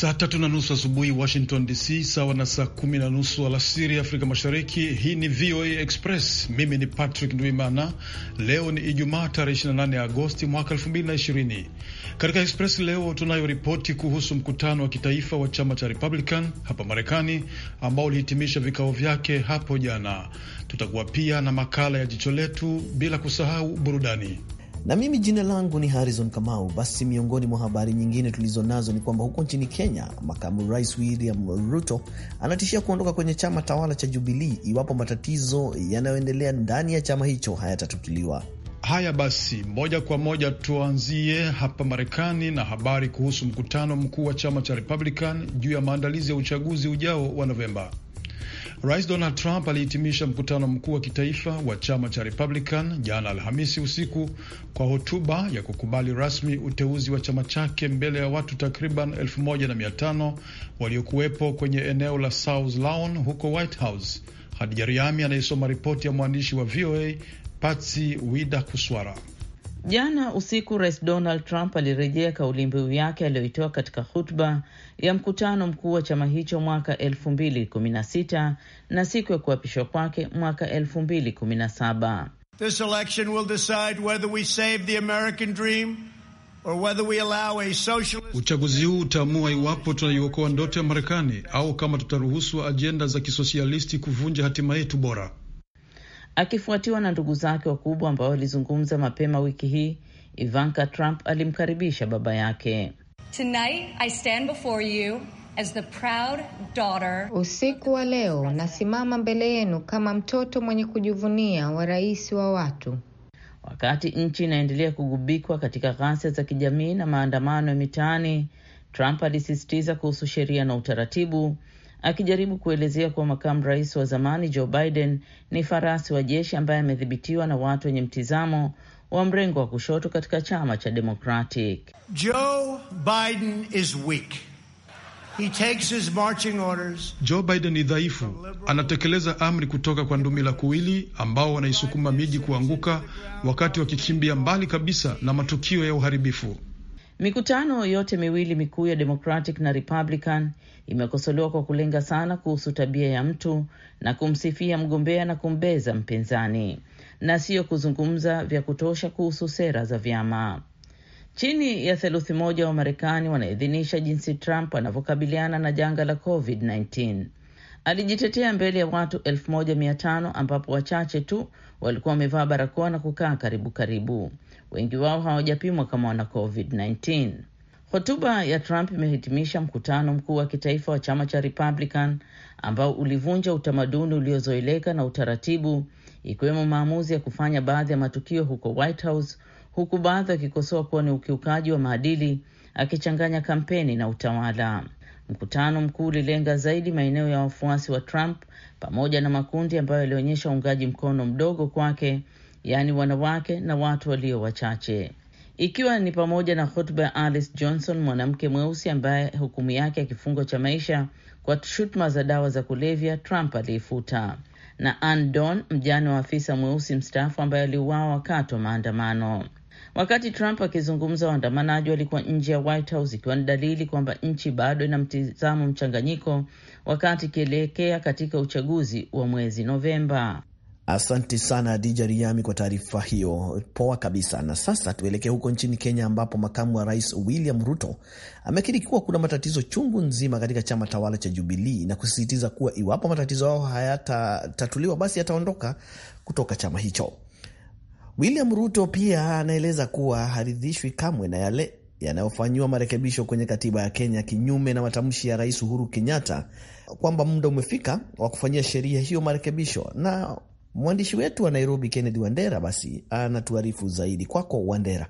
Saa tatu na nusu asubuhi Washington DC, sawa na saa kumi na nusu alasiri Afrika Mashariki. Hii ni VOA Express, mimi ni Patrick Ndwimana. Leo ni Ijumaa tarehe 28 Agosti mwaka 2020. Katika Express leo tunayo ripoti kuhusu mkutano wa kitaifa wa chama cha Republican hapa Marekani ambao ulihitimisha vikao vyake hapo jana. Tutakuwa pia na makala ya jicho letu, bila kusahau burudani na mimi jina langu ni Harrison Kamau. Basi, miongoni mwa habari nyingine tulizonazo ni kwamba huko nchini Kenya, makamu rais William Ruto anatishia kuondoka kwenye chama tawala cha Jubilii iwapo matatizo yanayoendelea ndani ya chama hicho hayatatutuliwa. Haya basi, moja kwa moja tuanzie hapa Marekani na habari kuhusu mkutano mkuu wa chama cha Republican juu ya maandalizi ya uchaguzi ujao wa Novemba. Rais Donald Trump alihitimisha mkutano mkuu wa kitaifa wa chama cha Republican jana Alhamisi usiku kwa hotuba ya kukubali rasmi uteuzi wa chama chake mbele ya watu takriban 1500 waliokuwepo kwenye eneo la South Lawn huko White House. Hadija Riami anayesoma ripoti ya mwandishi wa VOA Patsy Wida Kuswara. Jana usiku Rais Donald Trump alirejea kauli mbiu yake aliyoitoa katika hutuba ya mkutano mkuu wa chama hicho mwaka elfu mbili kumi na sita na siku ya kuapishwa kwake mwaka elfu mbili kumi na saba. This election will decide whether we save the American dream or whether we allow a socialist... Uchaguzi huu utaamua iwapo tunaiokoa ndoto ya Marekani au kama tutaruhusu ajenda za kisosialisti kuvunja hatima yetu bora akifuatiwa na ndugu zake wakubwa ambao walizungumza mapema wiki hii. Ivanka Trump alimkaribisha baba yake. Tonight, I stand before you as the proud daughter. Usiku wa leo nasimama mbele yenu kama mtoto mwenye kujivunia wa rais wa watu. Wakati nchi inaendelea kugubikwa katika ghasia za kijamii na maandamano ya mitaani, Trump alisisitiza kuhusu sheria na utaratibu akijaribu kuelezea kuwa makamu rais wa zamani Joe Biden ni farasi wa jeshi ambaye amedhibitiwa na watu wenye mtizamo wa mrengo wa kushoto katika chama cha Democratic. Joe Biden is weak. He takes his marching orders. Joe Biden ni dhaifu, anatekeleza amri kutoka kwa ndumi la kuwili ambao wanaisukuma miji kuanguka wakati wakikimbia mbali kabisa na matukio ya uharibifu. Mikutano yote miwili mikuu ya Democratic na Republican imekosolewa kwa kulenga sana kuhusu tabia ya mtu na kumsifia mgombea na kumbeza mpinzani na siyo kuzungumza vya kutosha kuhusu sera za vyama. Chini ya theluthi moja wa Marekani wanaidhinisha jinsi Trump anavyokabiliana na janga la COVID-19. Alijitetea mbele ya watu elfu moja mia tano ambapo wachache tu walikuwa wamevaa barakoa na kukaa karibu karibu wengi wao hawajapimwa kama wana COVID-19. Hotuba ya Trump imehitimisha mkutano mkuu wa kitaifa wa chama cha Republican ambao ulivunja utamaduni uliozoeleka na utaratibu, ikiwemo maamuzi ya kufanya baadhi ya matukio huko White House, huku baadhi wakikosoa kuwa ni ukiukaji wa maadili, akichanganya kampeni na utawala. Mkutano mkuu ulilenga zaidi maeneo ya wafuasi wa Trump pamoja na makundi ambayo yalionyesha uungaji mkono mdogo kwake yaani wanawake na watu walio wachache, ikiwa ni pamoja na hotuba ya Alice Johnson, mwanamke mweusi ambaye hukumu yake ya kifungo cha maisha kwa shutuma za dawa za kulevya Trump aliifuta, na Ann Don, mjane wa afisa mweusi mstaafu ambaye aliuawa wakati wa maandamano. Wakati Trump akizungumza, waandamanaji walikuwa nje ya White House, ikiwa ni dalili kwamba nchi bado ina mtizamo mchanganyiko wakati ikielekea katika uchaguzi wa mwezi Novemba. Asante sana Adija Riami kwa taarifa hiyo, poa kabisa. Na sasa tuelekee huko nchini Kenya, ambapo makamu wa rais William Ruto amekiri kuwa kuna matatizo chungu nzima katika chama tawala cha Jubilii na kusisitiza kuwa iwapo matatizo hayo hayatatatuliwa, basi ataondoka kutoka chama hicho. William Ruto pia anaeleza kuwa haridhishwi kamwe na yale yanayofanyiwa marekebisho kwenye katiba ya Kenya, kinyume na matamshi ya Rais Uhuru Kenyatta kwamba muda umefika wa kufanyia sheria hiyo marekebisho, na Mwandishi wetu wa Nairobi, Kennedy Wandera, basi anatuarifu zaidi. Kwako Wandera.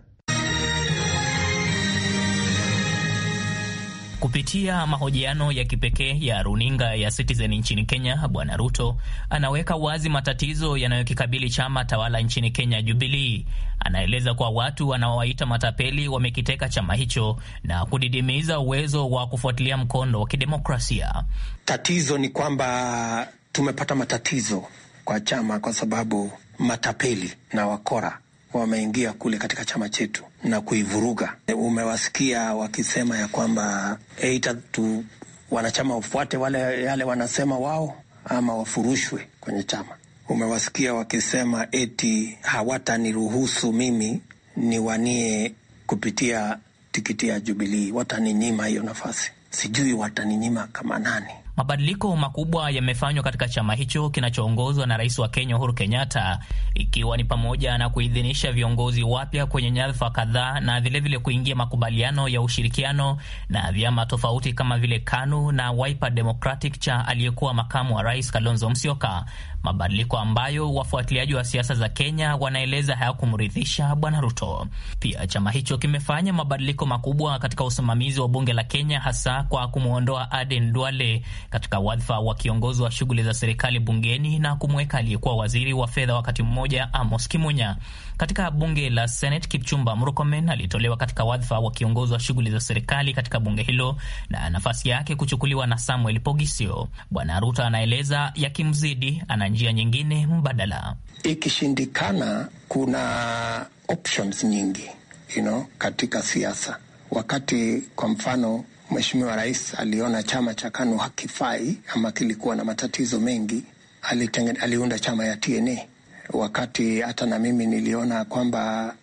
Kupitia mahojiano ya kipekee ya runinga ya Citizen nchini Kenya, Bwana Ruto anaweka wazi matatizo yanayokikabili chama tawala nchini Kenya, Jubilii. Anaeleza kuwa watu wanaowaita matapeli wamekiteka chama hicho na kudidimiza uwezo wa kufuatilia mkondo wa kidemokrasia. Tatizo ni kwamba tumepata matatizo kwa chama, kwa sababu matapeli na wakora wameingia kule katika chama chetu na kuivuruga. Umewasikia wakisema ya kwamba eita eh, tu wanachama wafuate wale yale wanasema wao ama wafurushwe kwenye chama. Umewasikia wakisema eti hawataniruhusu mimi niwanie kupitia tikiti ya Jubilii, wataninyima hiyo nafasi. Sijui wataninyima kama nani. Mabadiliko makubwa yamefanywa katika chama hicho kinachoongozwa na rais wa Kenya Uhuru Kenyatta, ikiwa ni pamoja na kuidhinisha viongozi wapya kwenye nyadhifa kadhaa na vilevile vile kuingia makubaliano ya ushirikiano na vyama tofauti kama vile KANU na Wiper Democratic cha aliyekuwa makamu wa rais Kalonzo Musyoka, mabadiliko ambayo wafuatiliaji wa siasa za Kenya wanaeleza hayakumridhisha Bwana Ruto. Pia chama hicho kimefanya mabadiliko makubwa katika usimamizi wa bunge la Kenya, hasa kwa kumwondoa Aden Duale katika wadhifa wa kiongozi wa shughuli za serikali bungeni na kumweka aliyekuwa waziri wa fedha wakati mmoja Amos Kimunya. Katika bunge la Senate, Kipchumba Murkomen alitolewa katika wadhifa wa kiongozi wa shughuli za serikali katika bunge hilo na nafasi yake kuchukuliwa na Samuel Pogisio. Bwana Ruto anaeleza yakimzidi, ana njia nyingine mbadala. Ikishindikana, kuna options nyingi you know, katika siasa wakati kwa mfano Mheshimiwa Rais aliona chama cha KANU hakifai ama kilikuwa na matatizo mengi, alitenge, aliunda chama ya TNA. Wakati hata na mimi niliona kwamba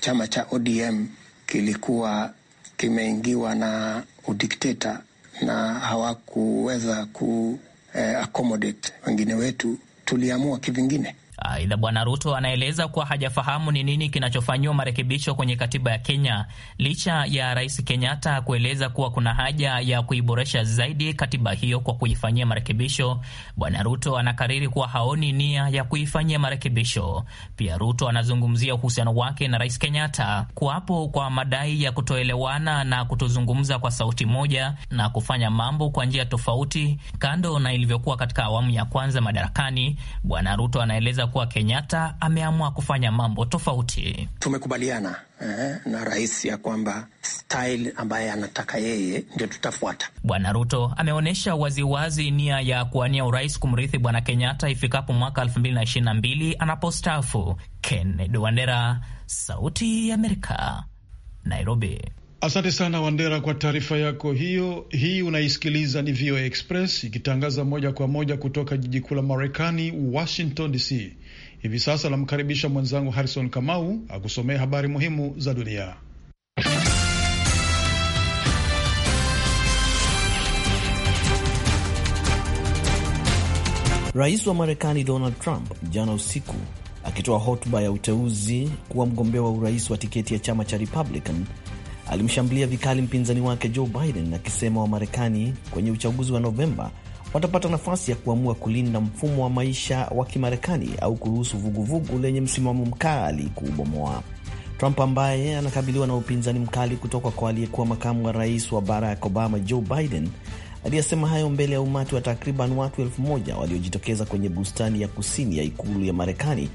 chama cha ODM kilikuwa kimeingiwa na udikteta na hawakuweza ku eh, accommodate wengine wetu, tuliamua kivingine. Aidha, Bwana Ruto anaeleza kuwa hajafahamu ni nini kinachofanyiwa marekebisho kwenye katiba ya Kenya licha ya Rais Kenyatta kueleza kuwa kuna haja ya kuiboresha zaidi katiba hiyo kwa kuifanyia marekebisho. Bwana Ruto anakariri kuwa haoni nia ya kuifanyia marekebisho. Pia Ruto anazungumzia uhusiano wake na Rais Kenyatta, kuwapo kwa madai ya kutoelewana na kutozungumza kwa sauti moja na kufanya mambo kwa njia tofauti, kando na ilivyokuwa katika awamu ya kwanza madarakani. Bwana Ruto anaeleza kuwa Kenyatta ameamua kufanya mambo tofauti. Tumekubaliana eh, na rais ya kwamba style ambaye anataka yeye ndio tutafuata. Bwana Ruto ameonyesha waziwazi nia ya kuwania urais kumrithi Bwana Kenyatta ifikapo mwaka 2022 anapostaafu. Kennedy Wandera, Sauti ya Amerika, Nairobi. Asante sana Wandera kwa taarifa yako hiyo. Hii unaisikiliza ni VOA Express ikitangaza moja kwa moja kutoka jiji kuu la Marekani, Washington DC. Hivi sasa namkaribisha mwenzangu Harrison Kamau akusomea habari muhimu za dunia. Rais wa Marekani Donald Trump jana usiku akitoa hotuba ya uteuzi kuwa mgombea wa urais wa tiketi ya chama cha Republican alimshambulia vikali mpinzani wake Joe Biden akisema Wamarekani kwenye uchaguzi wa Novemba watapata nafasi ya kuamua kulinda mfumo wa maisha wa Kimarekani au kuruhusu vuguvugu lenye msimamo mkali kuubomoa. Trump ambaye anakabiliwa na upinzani mkali kutoka kwa aliyekuwa makamu wa rais wa Barack Obama Joe Biden Aliyesema hayo mbele ya umati wa takriban watu elfu moja waliojitokeza kwenye bustani ya kusini ya ikulu ya Marekani,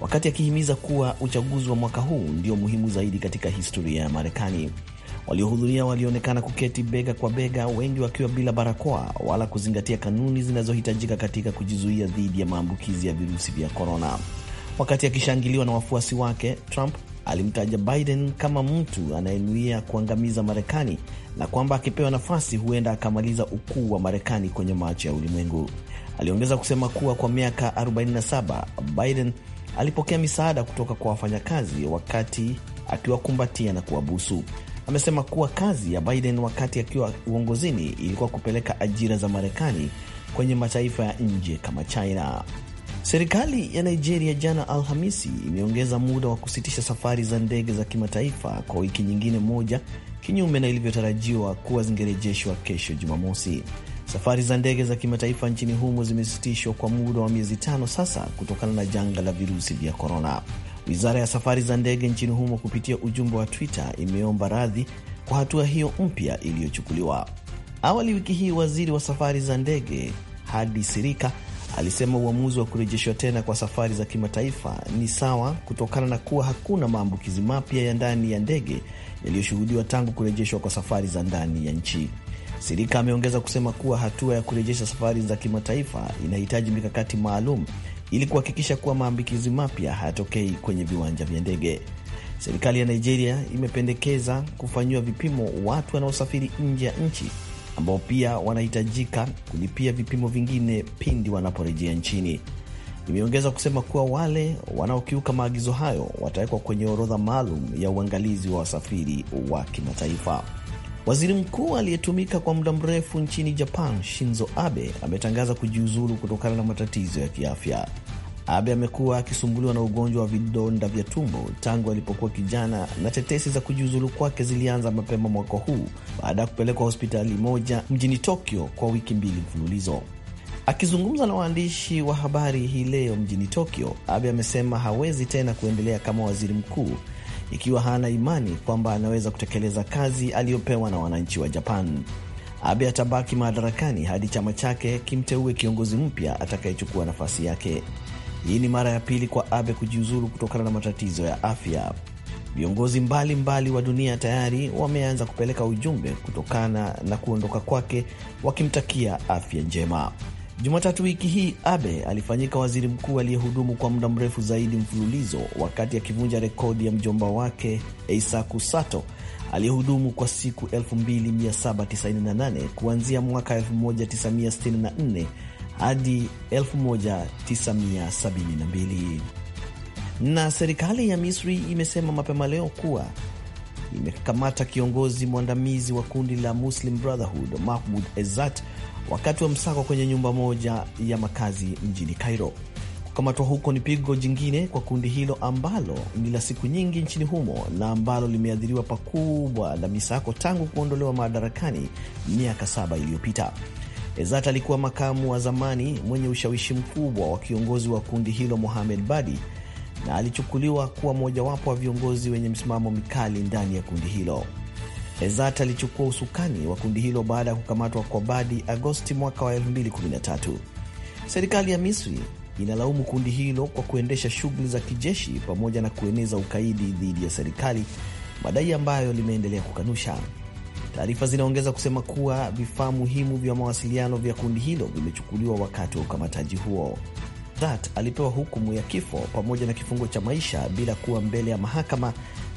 wakati akihimiza kuwa uchaguzi wa mwaka huu ndio muhimu zaidi katika historia ya Marekani. Waliohudhuria walionekana kuketi bega kwa bega, wengi wakiwa bila barakoa wala kuzingatia kanuni zinazohitajika katika kujizuia dhidi ya maambukizi ya virusi vya korona. Wakati akishangiliwa na wafuasi wake, Trump alimtaja Biden kama mtu anayenuia kuangamiza Marekani na kwamba akipewa nafasi huenda akamaliza ukuu wa Marekani kwenye macho ya ulimwengu. Aliongeza kusema kuwa kwa miaka 47 Biden alipokea misaada kutoka kwa wafanyakazi wakati akiwakumbatia na kuwabusu. Amesema kuwa kazi ya Biden wakati akiwa uongozini ilikuwa kupeleka ajira za Marekani kwenye mataifa ya nje kama China. Serikali ya Nigeria jana Alhamisi imeongeza muda wa kusitisha safari za ndege za kimataifa kwa wiki nyingine moja, kinyume na ilivyotarajiwa kuwa zingerejeshwa kesho Jumamosi. Safari za ndege za kimataifa nchini humo zimesitishwa kwa muda wa miezi tano sasa kutokana na janga la virusi vya korona. Wizara ya safari za ndege nchini humo kupitia ujumbe wa Twitter imeomba radhi kwa hatua hiyo mpya iliyochukuliwa. Awali wiki hii, waziri wa safari za ndege Hadi Sirika Alisema uamuzi wa kurejeshwa tena kwa safari za kimataifa ni sawa kutokana na kuwa hakuna maambukizi mapya ya ndani ya ndege yaliyoshuhudiwa tangu kurejeshwa kwa safari za ndani ya nchi. Sirika ameongeza kusema kuwa hatua ya kurejesha safari za kimataifa inahitaji mikakati maalum ili kuhakikisha kuwa maambukizi mapya hayatokei kwenye viwanja vya ndege. Serikali ya Nigeria imependekeza kufanyiwa vipimo watu wanaosafiri nje ya nchi ambao pia wanahitajika kulipia vipimo vingine pindi wanaporejea nchini. Imeongeza kusema kuwa wale wanaokiuka maagizo hayo watawekwa kwenye orodha maalum ya uangalizi wa wasafiri wa kimataifa. Waziri mkuu aliyetumika kwa muda mrefu nchini Japan, Shinzo Abe, ametangaza kujiuzulu kutokana na matatizo ya kiafya. Abe amekuwa akisumbuliwa na ugonjwa wa vidonda vya tumbo tangu alipokuwa kijana, na tetesi za kujiuzulu kwake zilianza mapema mwaka huu baada ya kupelekwa hospitali moja mjini Tokyo kwa wiki mbili mfululizo. Akizungumza na waandishi wa habari hii leo mjini Tokyo, Abe amesema hawezi tena kuendelea kama waziri mkuu ikiwa hana imani kwamba anaweza kutekeleza kazi aliyopewa na wananchi wa Japan. Abe atabaki madarakani hadi chama chake kimteue kiongozi mpya atakayechukua nafasi yake. Hii ni mara ya pili kwa Abe kujiuzulu kutokana na matatizo ya afya. Viongozi mbalimbali wa dunia tayari wameanza kupeleka ujumbe kutokana na kuondoka kwake, wakimtakia afya njema. Jumatatu wiki hii Abe alifanyika waziri mkuu aliyehudumu kwa muda mrefu zaidi mfululizo, wakati akivunja rekodi ya mjomba wake Eisaku Sato aliyehudumu kwa siku 2798 kuanzia mwaka 1964 hadi 1972. Na serikali ya Misri imesema mapema leo kuwa imekamata kiongozi mwandamizi wa kundi la Muslim Brotherhood Mahmud Ezzat wakati wa msako kwenye nyumba moja ya makazi mjini Cairo. Kukamatwa huko ni pigo jingine kwa kundi hilo ambalo ni la siku nyingi nchini humo na ambalo limeathiriwa pakubwa na misako tangu kuondolewa madarakani miaka saba iliyopita ezat alikuwa makamu wa zamani mwenye ushawishi mkubwa wa kiongozi wa kundi hilo Mohamed Badi, na alichukuliwa kuwa mojawapo wa viongozi wenye msimamo mikali ndani ya kundi hilo. ezat alichukua usukani wa kundi hilo baada ya kukamatwa kwa Badi Agosti mwaka wa 2013. Serikali ya Misri inalaumu kundi hilo kwa kuendesha shughuli za kijeshi pamoja na kueneza ukaidi dhidi ya serikali, madai ambayo limeendelea kukanusha. Taarifa zinaongeza kusema kuwa vifaa muhimu vya mawasiliano vya kundi hilo vimechukuliwa wakati wa ukamataji huo. That alipewa hukumu ya kifo pamoja na kifungo cha maisha bila kuwa mbele ya mahakama,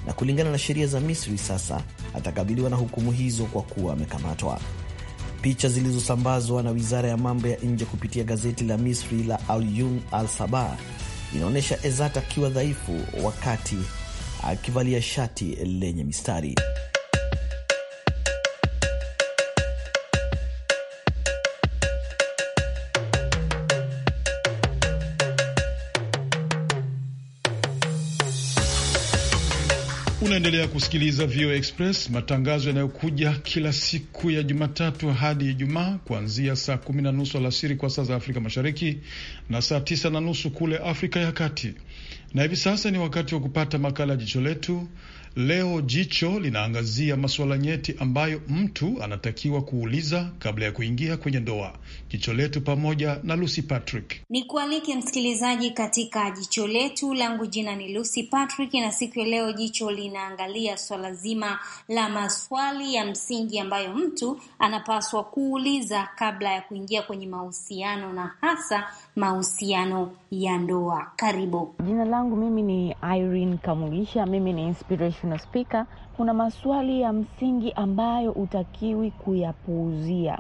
na kulingana na sheria za Misri sasa atakabiliwa na hukumu hizo kwa kuwa amekamatwa. Picha zilizosambazwa na wizara ya mambo ya nje kupitia gazeti la Misri la alyun Al-Sabah inaonyesha Ezat akiwa dhaifu wakati akivalia shati lenye mistari. Unaendelea kusikiliza VOA Express, matangazo yanayokuja kila siku ya Jumatatu hadi Ijumaa kuanzia saa kumi na nusu alasiri kwa saa za Afrika Mashariki na saa tisa na nusu kule Afrika ya Kati. Na hivi sasa ni wakati wa kupata makala ya Jicho Letu Leo jicho linaangazia masuala nyeti ambayo mtu anatakiwa kuuliza kabla ya kuingia kwenye ndoa. Jicho letu pamoja na Lucy Patrick. Ni kualike msikilizaji katika jicho letu, langu jina ni Lucy Patrick, na siku ya leo jicho linaangalia swala zima la maswali ya msingi ambayo mtu anapaswa kuuliza kabla ya kuingia kwenye mahusiano na hasa mahusiano ya ndoa. Karibu. Jina langu mimi ni Irene Kamulisha, mimi ni inspiration Mheshimiwa Spika, kuna maswali ya msingi ambayo utakiwi kuyapuuzia.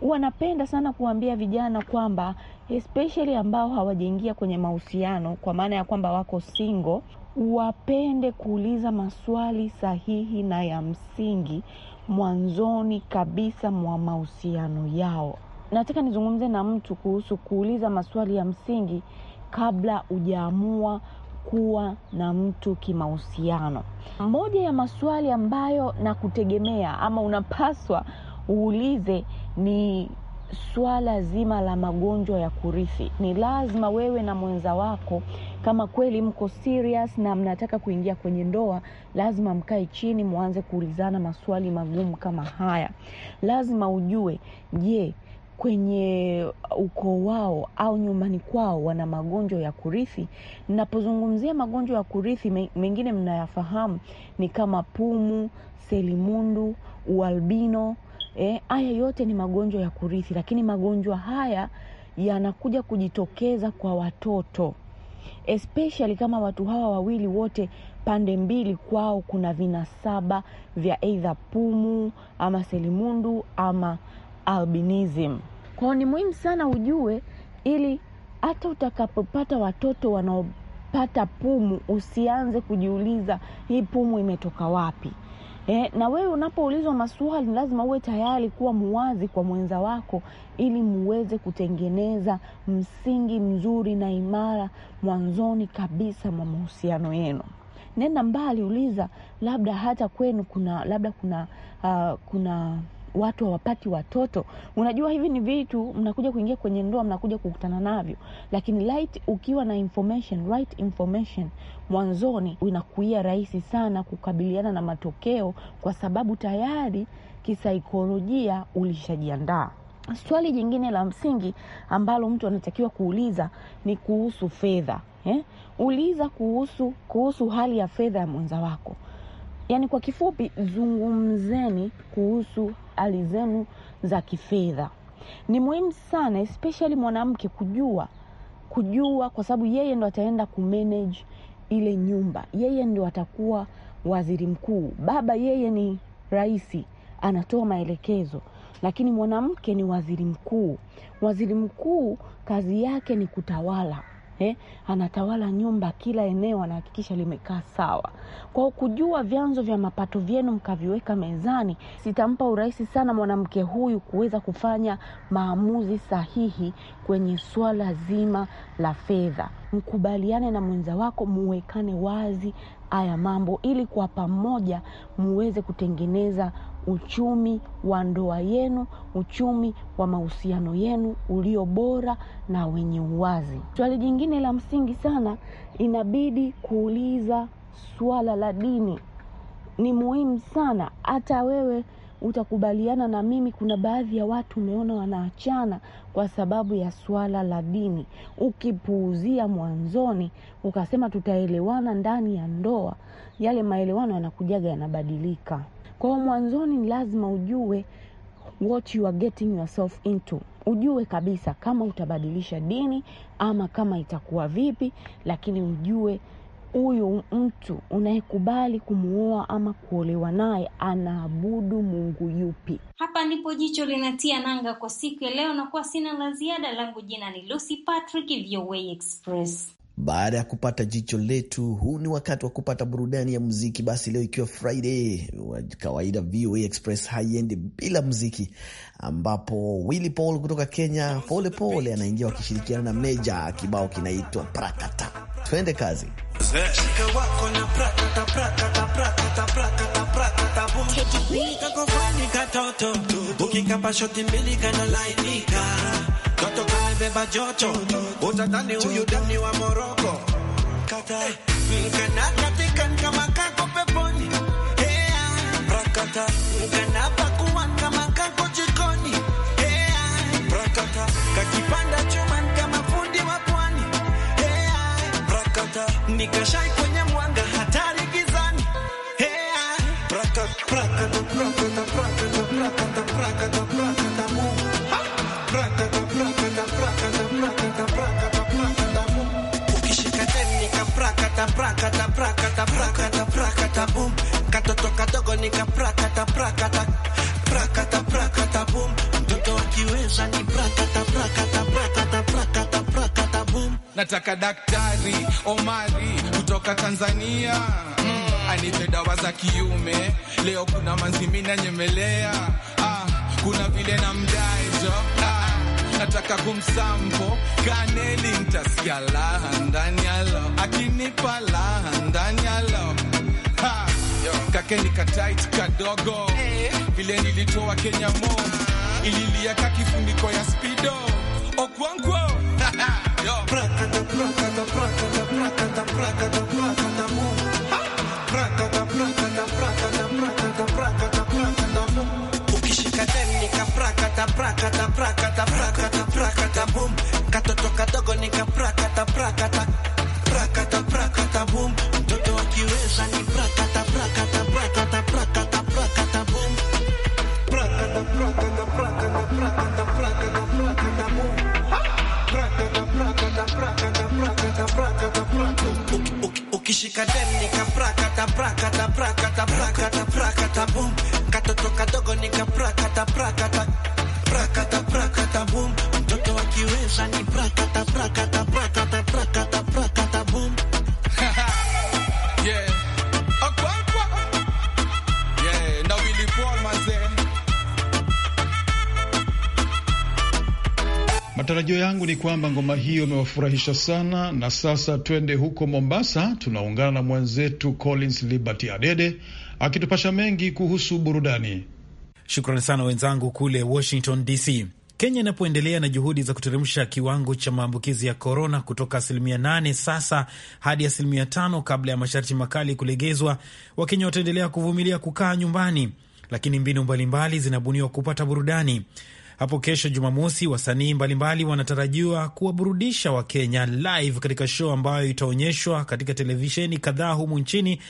Huwa napenda sana kuambia vijana kwamba especially ambao hawajaingia kwenye mahusiano, kwa maana ya kwamba wako single, wapende kuuliza maswali sahihi na ya msingi mwanzoni kabisa mwa mahusiano yao. Nataka nizungumze na mtu kuhusu kuuliza maswali ya msingi kabla hujaamua kuwa na mtu kimahusiano. Moja ya maswali ambayo na kutegemea ama unapaswa uulize ni swala zima la magonjwa ya kurithi. Ni lazima wewe na mwenza wako, kama kweli mko serious na mnataka kuingia kwenye ndoa, lazima mkae chini, mwanze kuulizana maswali magumu kama haya. Lazima ujue, je, kwenye ukoo wao au nyumbani kwao wana magonjwa ya kurithi. Ninapozungumzia magonjwa ya kurithi, mengine mnayafahamu ni kama pumu, selimundu, ualbino. E, haya yote ni magonjwa ya kurithi, lakini magonjwa haya yanakuja kujitokeza kwa watoto especially kama watu hawa wawili wote pande mbili kwao kuna vinasaba vya aidha pumu ama selimundu ama albinism kwao ni muhimu sana ujue ili hata utakapopata watoto wanaopata pumu usianze kujiuliza hii pumu imetoka wapi E, na wewe unapoulizwa maswali lazima uwe tayari kuwa muwazi kwa mwenza wako ili muweze kutengeneza msingi mzuri na imara mwanzoni kabisa mwa mahusiano yenu. Nenda mbali, uliza labda hata kwenu kuna labda kuna uh, kuna watu hawapati watoto. Unajua hivi ni vitu mnakuja kuingia kwenye ndoa, mnakuja kukutana navyo, lakini light, ukiwa na information, right information mwanzoni, inakuia rahisi sana kukabiliana na matokeo, kwa sababu tayari kisaikolojia ulishajiandaa. Swali jingine la msingi ambalo mtu anatakiwa kuuliza ni kuhusu fedha eh? Uliza kuhusu, kuhusu hali ya fedha ya mwenza wako. Yaani kwa kifupi, zungumzeni kuhusu hali zenu za kifedha. Ni muhimu sana especially mwanamke kujua kujua, kwa sababu yeye ndo ataenda kumanage ile nyumba, yeye ndo atakuwa waziri mkuu. Baba yeye ni rais, anatoa maelekezo, lakini mwanamke ni waziri mkuu. Waziri mkuu kazi yake ni kutawala eh, anatawala nyumba, kila eneo anahakikisha limekaa sawa. Kwa kujua vyanzo vya mapato vyenu mkaviweka mezani, sitampa urahisi sana mwanamke huyu kuweza kufanya maamuzi sahihi kwenye swala zima la fedha. Mkubaliane na mwenza wako, muwekane wazi haya mambo, ili kwa pamoja muweze kutengeneza uchumi wa ndoa yenu, uchumi wa mahusiano yenu ulio bora na wenye uwazi. Swali jingine la msingi sana, inabidi kuuliza swala la dini, ni muhimu sana. Hata wewe utakubaliana na mimi, kuna baadhi ya watu umeona wanaachana kwa sababu ya swala la dini. Ukipuuzia mwanzoni ukasema tutaelewana ndani ya ndoa, yale maelewano yanakujaga yanabadilika. Kwa hiyo mwanzoni ni lazima ujue what you are getting yourself into, ujue kabisa kama utabadilisha dini ama kama itakuwa vipi, lakini ujue huyu mtu unayekubali kumuoa ama kuolewa naye anaabudu Mungu yupi? Hapa ndipo jicho linatia nanga kwa siku ya leo, na kuwa sina la ziada. Langu jina ni Lucy Patrick, VOA Express. Baada ya kupata jicho letu, huu ni wakati wa kupata burudani ya muziki. Basi leo ikiwa Friday, kawaida VOA Express haiendi bila muziki, ambapo Willy Paul kutoka Kenya Polepole anaingia wakishirikiana na Meja, kibao kinaitwa Prakata. Twende kazi. Mtoto kaebeba joto, utadhani huyu dani wa Moroko. Kata mkana katika kama kako peponi, hea mkana pakuwa kama kako jikoni, hea kakipanda chuma kama fundi wa pwani, hea brakata nikashai Nataka daktari Omari kutoka Tanzania mm, anipe dawa za kiume leo. Kuna manzi mimi nanyemelea, ah, kuna vile na mdaizo ah nataka kumsampo kaneli, ntasikia laha ndani ya lo, akinipa laha ndani ya lo kake nikatight kadogo eh. vile hey. Nilitoa Kenya mo ililia ka kifuniko ya spido okwankwo prakata prakata prakata boom, mtoto akiweza ni prakata prakata prakata prakata prakata boom, prakata prakata prakata prakata prakata prakata boom, prakata prakata prakata prakata prakata prakata ukishika demu nika prakata prakata prakata prakata prakata boom, katoto kadogo nika prakata prakata prakata prakata boom, mtoto akiweza ni prakata Matarajio yangu ni kwamba ngoma hiyo imewafurahisha sana, na sasa twende huko Mombasa. Tunaungana na mwenzetu Collins Liberty Adede akitupasha mengi kuhusu burudani. Shukrani sana wenzangu kule Washington DC. Kenya inapoendelea na juhudi za kuteremsha kiwango cha maambukizi ya korona kutoka asilimia 8 sasa hadi asilimia tano kabla ya masharti makali kulegezwa, Wakenya wataendelea kuvumilia kukaa nyumbani, lakini mbinu mbalimbali zinabuniwa kupata burudani. Hapo kesho Jumamosi, wasanii mbalimbali wanatarajiwa kuwaburudisha Wakenya live katika show ambayo itaonyeshwa katika televisheni kadhaa humu nchini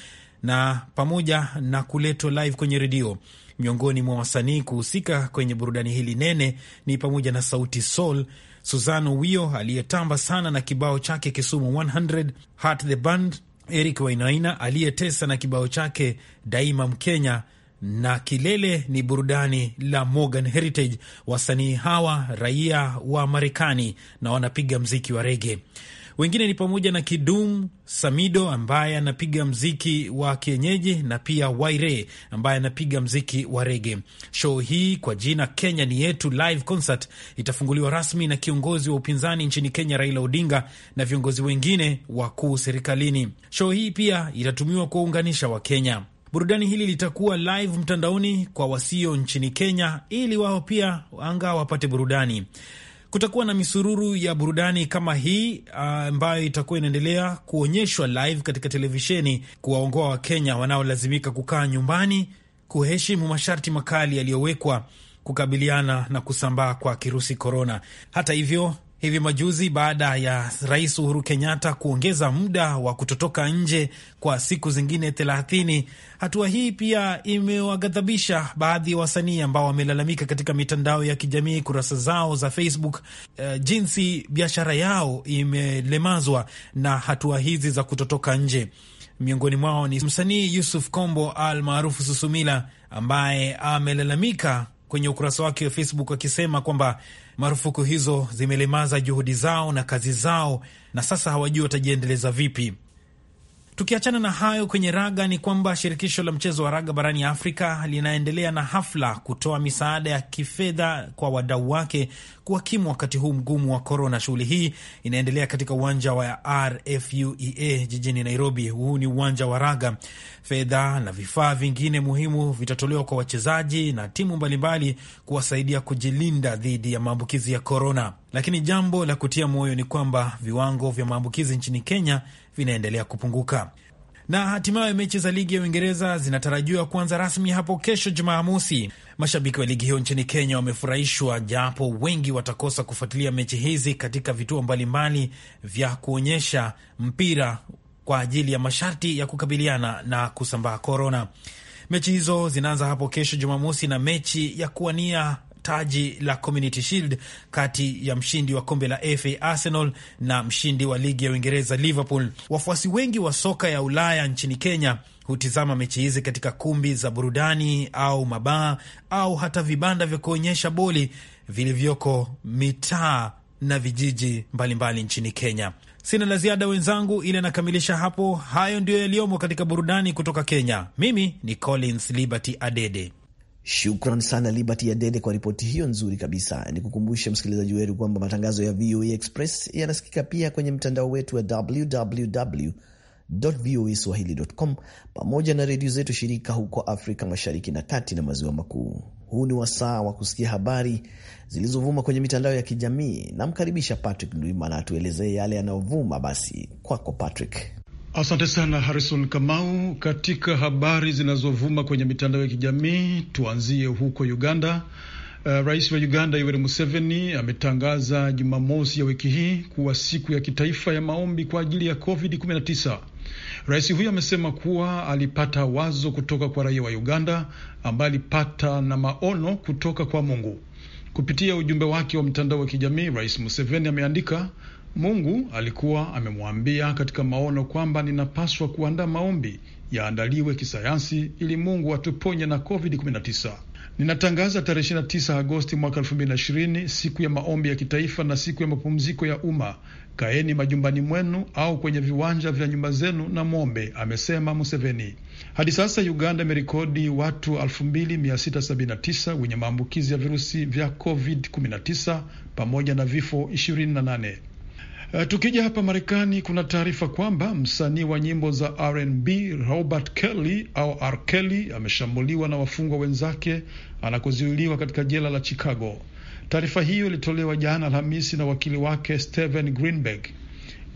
na pamoja na kuletwa live kwenye redio. Miongoni mwa wasanii kuhusika kwenye burudani hili nene ni pamoja na Sauti Sol, Suzanne Wio aliyetamba sana na kibao chake Kisumu 100, Heart the Band, Eric Wainaina aliyetesa na kibao chake Daima Mkenya, na kilele ni burudani la Morgan Heritage. Wasanii hawa raia wa Marekani na wanapiga mziki wa rege. Wengine ni pamoja na Kidum Samido ambaye anapiga mziki wa kienyeji na pia Waire ambaye anapiga mziki wa rege. Show hii kwa jina Kenya ni Yetu live concert itafunguliwa rasmi na kiongozi wa upinzani nchini Kenya Raila Odinga na viongozi wengine wakuu serikalini. Show hii pia itatumiwa kuwaunganisha Wakenya. Burudani hili litakuwa live mtandaoni kwa wasio nchini Kenya, ili wao pia anga wapate burudani. Kutakuwa na misururu ya burudani kama hii ah, ambayo itakuwa inaendelea kuonyeshwa live katika televisheni, kuwaongoa Wakenya wanaolazimika kukaa nyumbani, kuheshimu masharti makali yaliyowekwa kukabiliana na kusambaa kwa kirusi korona. Hata hivyo hivi majuzi baada ya Rais Uhuru Kenyatta kuongeza muda wa kutotoka nje kwa siku zingine thelathini. Hatua hii pia imewaghadhabisha baadhi ya wasanii ambao wamelalamika katika mitandao ya kijamii, kurasa zao za Facebook, uh, jinsi biashara yao imelemazwa na hatua hizi za kutotoka nje. Miongoni mwao ni msanii Yusuf Kombo al maarufu Susumila ambaye amelalamika kwenye ukurasa wake wa Facebook akisema kwamba Marufuku hizo zimelemaza juhudi zao na kazi zao, na sasa hawajui watajiendeleza vipi. Tukiachana na hayo kwenye raga ni kwamba shirikisho la mchezo wa raga barani Afrika linaendelea na hafla kutoa misaada ya kifedha kwa wadau wake kuwakimu wakati huu mgumu wa korona. Shughuli hii inaendelea katika uwanja wa RFUEA jijini Nairobi. Huu ni uwanja wa raga. Fedha na vifaa vingine muhimu vitatolewa kwa wachezaji na timu mbalimbali kuwasaidia kujilinda dhidi ya maambukizi ya korona. Lakini jambo la kutia moyo ni kwamba viwango vya maambukizi nchini Kenya vinaendelea kupunguka. Na hatimaye mechi za ligi ya Uingereza zinatarajiwa kuanza rasmi hapo kesho Jumamosi. Mashabiki wa ligi hiyo nchini Kenya wamefurahishwa, japo wengi watakosa kufuatilia mechi hizi katika vituo mbalimbali vya kuonyesha mpira kwa ajili ya masharti ya kukabiliana na kusambaa korona. Mechi hizo zinaanza hapo kesho Jumamosi, na mechi ya kuwania taji la Community Shield kati ya mshindi wa kombe la FA Arsenal na mshindi wa ligi ya Uingereza Liverpool. Wafuasi wengi wa soka ya Ulaya nchini Kenya hutizama mechi hizi katika kumbi za burudani au mabaa au hata vibanda vya kuonyesha boli vilivyoko mitaa na vijiji mbalimbali mbali nchini Kenya. Sina la ziada wenzangu, ile nakamilisha hapo. Hayo ndiyo yaliyomo katika burudani kutoka Kenya. Mimi ni Collins Liberty Adede. Shukran sana Liberty Adede kwa ripoti hiyo nzuri kabisa. Ni kukumbushe msikilizaji wetu kwamba matangazo ya VOA e Express yanasikika pia kwenye mtandao wetu wa www voa e swahili.com pamoja na redio zetu shirika huko Afrika Mashariki na kati na maziwa makuu. Huu ni wasaa wa kusikia habari zilizovuma kwenye mitandao ya kijamii. Namkaribisha Patrick Ndwimana atuelezee yale yanayovuma. Basi kwako Patrick. Asante sana Harrison Kamau. Katika habari zinazovuma kwenye mitandao ya kijamii, tuanzie huko Uganda. Uh, Rais wa Uganda Yoweri Museveni ametangaza Jumamosi ya wiki hii kuwa siku ya kitaifa ya maombi kwa ajili ya COVID-19. Rais huyo amesema kuwa alipata wazo kutoka kwa raia wa Uganda ambaye alipata na maono kutoka kwa Mungu. Kupitia ujumbe wake wa mtandao wa kijamii, Rais Museveni ameandika Mungu alikuwa amemwambia katika maono kwamba ninapaswa kuandaa maombi yaandaliwe kisayansi ili Mungu atuponye na COVID-19. Ninatangaza tarehe 29 Agosti mwaka 2020 siku ya maombi ya kitaifa na siku ya mapumziko ya umma. Kaeni majumbani mwenu au kwenye viwanja vya nyumba zenu na mwombe, amesema Museveni. Hadi sasa Uganda imerekodi watu 2679 wenye maambukizi ya virusi vya COVID-19 pamoja na vifo 28. Uh, tukija hapa Marekani kuna taarifa kwamba msanii wa nyimbo za R&B Robert Kelly au R. Kelly ameshambuliwa na wafungwa wenzake anakozuiliwa katika jela la Chicago. Taarifa hiyo ilitolewa jana Alhamisi na wakili wake Steven Greenberg.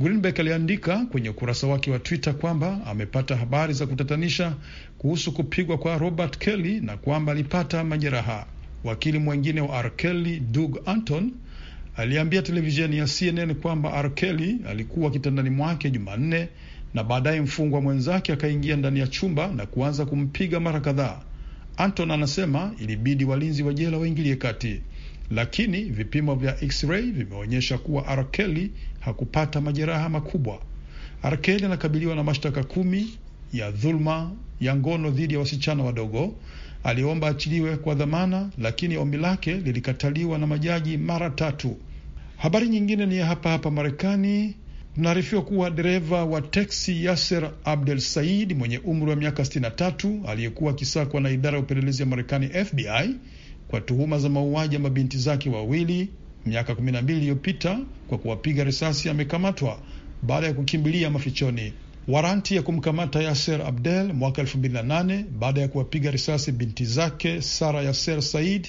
Greenberg aliandika kwenye ukurasa wake wa Twitter kwamba amepata habari za kutatanisha kuhusu kupigwa kwa Robert Kelly na kwamba alipata majeraha. Wakili mwengine wa R. Kelly Doug Anton aliambia televisheni ya CNN kwamba R. Kelly alikuwa kitandani mwake Jumanne na baadaye mfungwa mwenzake akaingia ndani ya chumba na kuanza kumpiga mara kadhaa. Anton anasema ilibidi walinzi wa jela waingilie kati, lakini vipimo vya x-ray vimeonyesha kuwa R. Kelly hakupata majeraha makubwa. R. Kelly anakabiliwa na mashtaka kumi ya dhuluma ya ngono dhidi ya wasichana wadogo aliomba achiliwe kwa dhamana, lakini ombi lake lilikataliwa na majaji mara tatu. Habari nyingine ni ya hapa hapa Marekani. Tunaarifiwa kuwa dereva wa teksi Yaser Abdel Said mwenye umri wa miaka 63 aliyekuwa akisakwa na idara ya upelelezi ya Marekani FBI kwa tuhuma za mauaji ya mabinti zake wawili miaka 12 iliyopita kwa kuwapiga risasi amekamatwa baada ya kukimbilia mafichoni waranti ya kumkamata Yaser Abdel mwaka 2008 baada ya kuwapiga risasi binti zake Sara Yaser Said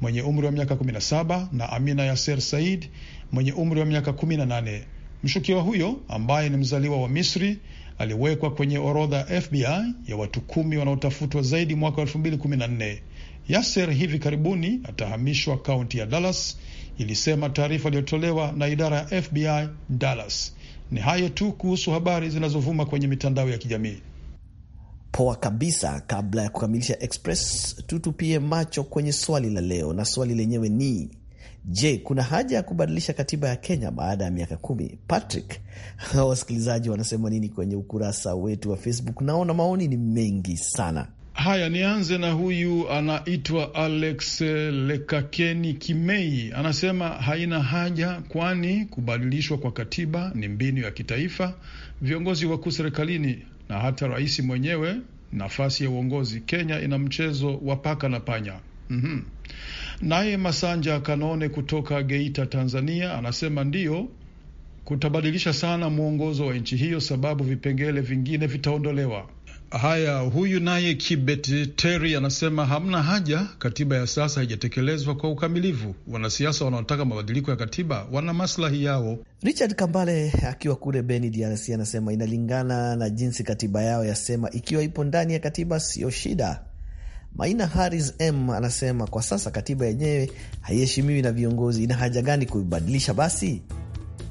mwenye umri wa miaka 17 na Amina Yaser Said mwenye umri wa miaka 18. Mshukiwa huyo ambaye ni mzaliwa wa Misri aliwekwa kwenye orodha ya FBI ya watu kumi wanaotafutwa zaidi mwaka 2014. Yaser hivi karibuni atahamishwa kaunti ya Dallas, ilisema taarifa iliyotolewa na idara ya FBI Dallas. Ni hayo tu kuhusu habari zinazovuma kwenye mitandao ya kijamii. Poa kabisa. Kabla ya kukamilisha Express, tutupie macho kwenye swali la leo, na swali lenyewe ni je, kuna haja ya kubadilisha katiba ya Kenya baada ya miaka kumi? Patrick, wasikilizaji wanasema nini kwenye ukurasa wetu wa Facebook? Naona maoni ni mengi sana. Haya, nianze na huyu anaitwa Alex Lekakeni Kimei, anasema haina haja, kwani kubadilishwa kwa katiba ni mbinu ya kitaifa. Viongozi wakuu serikalini na hata rais mwenyewe, nafasi ya uongozi Kenya ina mchezo wa paka na panya. mm -hmm. Naye Masanja Kanone kutoka Geita, Tanzania, anasema ndiyo kutabadilisha sana mwongozo wa nchi hiyo, sababu vipengele vingine vitaondolewa Haya, huyu naye Kibet Terry anasema hamna haja, katiba ya sasa haijatekelezwa kwa ukamilifu. Wanasiasa wanaotaka mabadiliko ya katiba wana maslahi yao. Richard Kambale akiwa kule Beni, DRC, anasema inalingana na jinsi katiba yao yasema, ikiwa ipo ndani ya katiba siyo shida. Maina Haris M anasema kwa sasa katiba yenyewe haiheshimiwi na viongozi, ina haja gani kuibadilisha basi?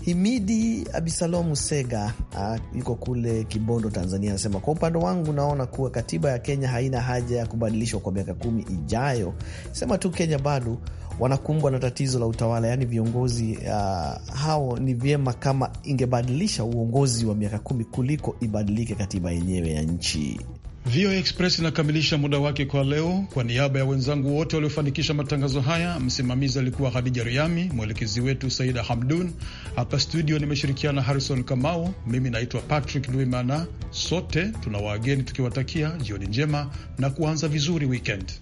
Himidi Abisalomu Sega ah, yuko kule Kibondo, Tanzania, anasema kwa upande wangu naona kuwa katiba ya Kenya haina haja ya kubadilishwa kwa miaka kumi ijayo. Sema tu Kenya bado wanakumbwa na tatizo la utawala, yaani viongozi uh, hao ni vyema kama ingebadilisha uongozi wa miaka kumi kuliko ibadilike katiba yenyewe ya nchi. VOA Express inakamilisha muda wake kwa leo. Kwa niaba ya wenzangu wote waliofanikisha matangazo haya, msimamizi alikuwa Hadija Riami, mwelekezi wetu Saida Hamdun. Hapa studio nimeshirikiana Harrison Kamau, mimi naitwa Patrick Ndwimana. Sote tuna wageni tukiwatakia jioni njema na kuanza vizuri weekend.